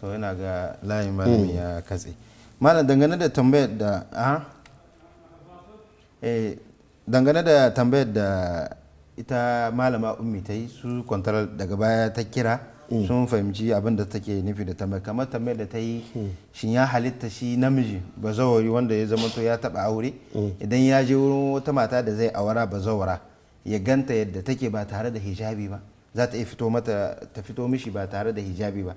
to yana ga layin malami ya katse malam dangane da tambayar da a eh, dangane da tambayar da ita malama ummi ta yi su kwantar daga baya ta kira mm. sun fahimci abin da take nufi da tambayar kamar tambayar da ta yi mm. shi ya halitta shi namiji bazawari wanda ya zama to ya taba aure mm. idan ya je wurin wata mata da zai awara bazawara ya ganta yadda take ba tare da hijabi ba za iya fito mata ta fito mishi ba tare da hijabi ba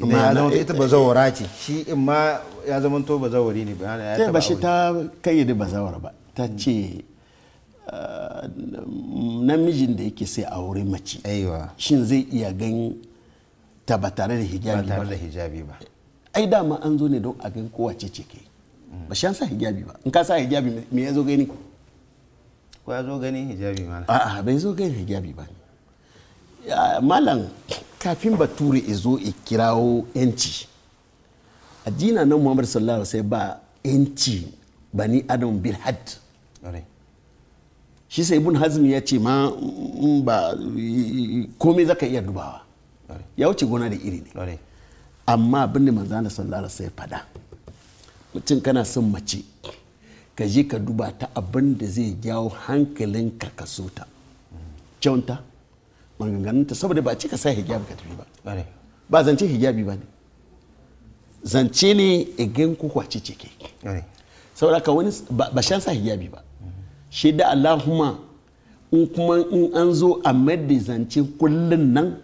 kuma ya zama eh, ita bazawara ce shi in ma ya zama to bazawari ne bayan ya taba ba shi ta kayyade bazawar ba ta ce ah, namijin da yake sai a wuri mace shin zai iya gan ta ba tare da hijabi ba da hijabi ba ai dama an zo ne don a gan kowace ce ke ba shi an sa hijabi ba in ka sa hijabi me ya zo gani ko ya zo gani hijabi ma a'a bai zo gani hijabi ba malam kafin ba bature izo i kirawo yanci addina nan muhammadu sallallahu alaihi sai ba yanci ba ni adam bil had shi sai ibn hazm ya ce ma mm, ba komai zaka iya dubawa ya wuce gona da iri ne amma abin da manzana sallallahu alaihi sai fada mutum kana son mace ka je ka duba ta abin da zai jawo hankalinka ka so ta kyauta maganganunta saboda ba cika sa hijabi ka tafi ba ba zance hijabi ba ne zance ne igin kukwace ce ke saboda ka wani ba shan sa hijabi ba shi da allahumma in kuma in an zo a da zance kullun nan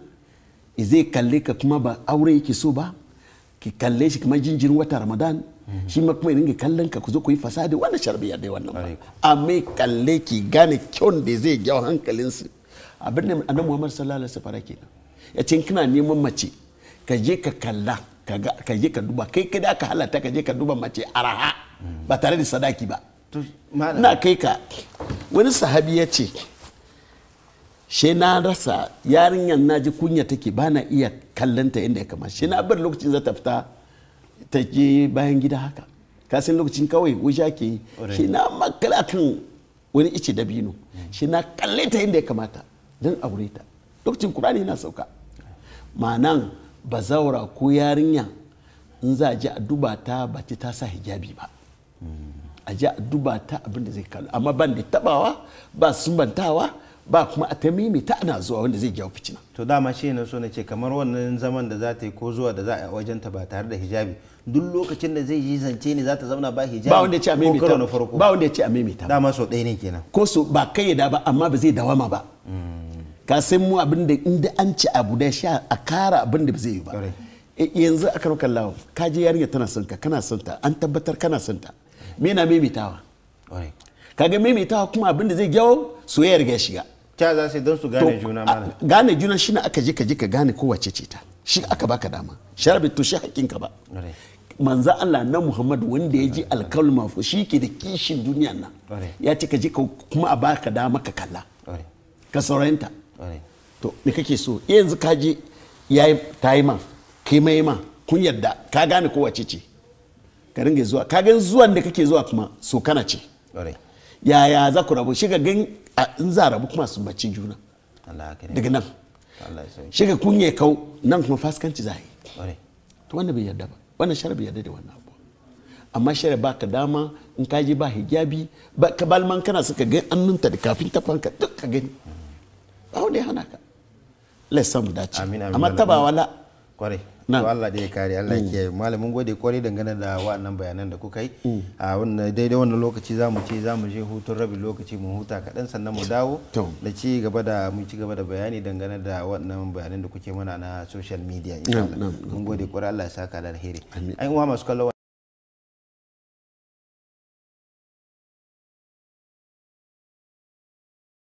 zai kalle ka kuma ba aure yake so ba ki kalle shi kuma jinjirin wata ramadan shi ma kuma ringa kallon ka ku zo ku yi fasadi wannan sharbiya dai wannan ba amma kalle ki gane kyon da zai gyau hankalinsu abin da annabi muhammad sallallahu alaihi wasallam kenan ya ce neman mace ka je ka kalla ka je ka duba kai kada ka halatta ka je ka duba mace araha ba tare da sadaki ba na kai ka wani sahabi ya ce she na rasa yarinyar na ji kunya take ba na iya kallanta inda ya kama she na bar lokacin za ta fita ta je bayan gida haka kasan lokacin kawai wuja ke yi na makalatin wani ice dabino shi na kalle ta inda ya kamata don aure ta lokacin kurani yana sauka ma'anan zaura ko yarinya in za a je a duba ta ba ta sa hijabi ba a je a duba ta abin da zai kalu amma ban da tabawa ba sumbantawa ba kuma a ta mimita ana zuwa wanda zai jawo fitina to dama shi ne so ce kamar wannan zaman da za ta yi ko zuwa da za a yi wajen ta ba tare da hijabi duk lokacin da zai yi zance ne za ta zauna ba hijabi ba wanda ya ce a mimita ba wanda ya ce a mimita dama so ɗaya ne kenan ko so ba kai da ba amma ba zai dawama ba ka san mu abin da inda an ci abu da sha a kara abin da zai yi ba eh, yanzu aka rokar lawo ka je yarinya tana son ka kana son ta an tabbatar kana son ta me na maimaitawa ga maimaitawa kuma abin da zai gyawo soyayyar ga shiga ta za su don su gane juna mana gane juna shine aka je ka je ka gane kowace ce ta shi aka baka dama sharabi to shi hakkin ka ba manzo Allah na Muhammad wanda ya ji alkawul mafu shi ke da kishin duniya nan ya ce ka je kuma a baka dama ka kalla ka saurayinta to me kake so yanzu ka je yayi ta yi ma kai mai ma kun yadda ka gane ko wace ce ka ringa zuwa ka gan zuwan da kake zuwa kuma so kana ce yaya za ku rabu shiga gan in za rabu kuma su bacci juna daga nan shi kun ya kau nan kuma faskanci za yi to wanda bai yadda ba wannan shara bai yarda da wannan abu amma shara ba ka dama in ka je ba hijabi ba ka balman kana suka gan annunta da kafin tafanka duk ka gani ba wanda hana ka lai samu dace amma ta ba wala kwarai to Allah dai kare Allah ya mm. kiyaye malamin gode kwarai dangane da wa'annan bayanan da kuka yi mm. a wannan daidai wannan lokaci zamu ce zamu je hutun rabin lokaci mu huta kaɗan sannan mu dawo da ci gaba da mu ci gaba da bayani dangane da wannan bayanan da kuke mana na social media insha Allah mun gode kwarai Allah ya saka alheri ai uwa masu kallo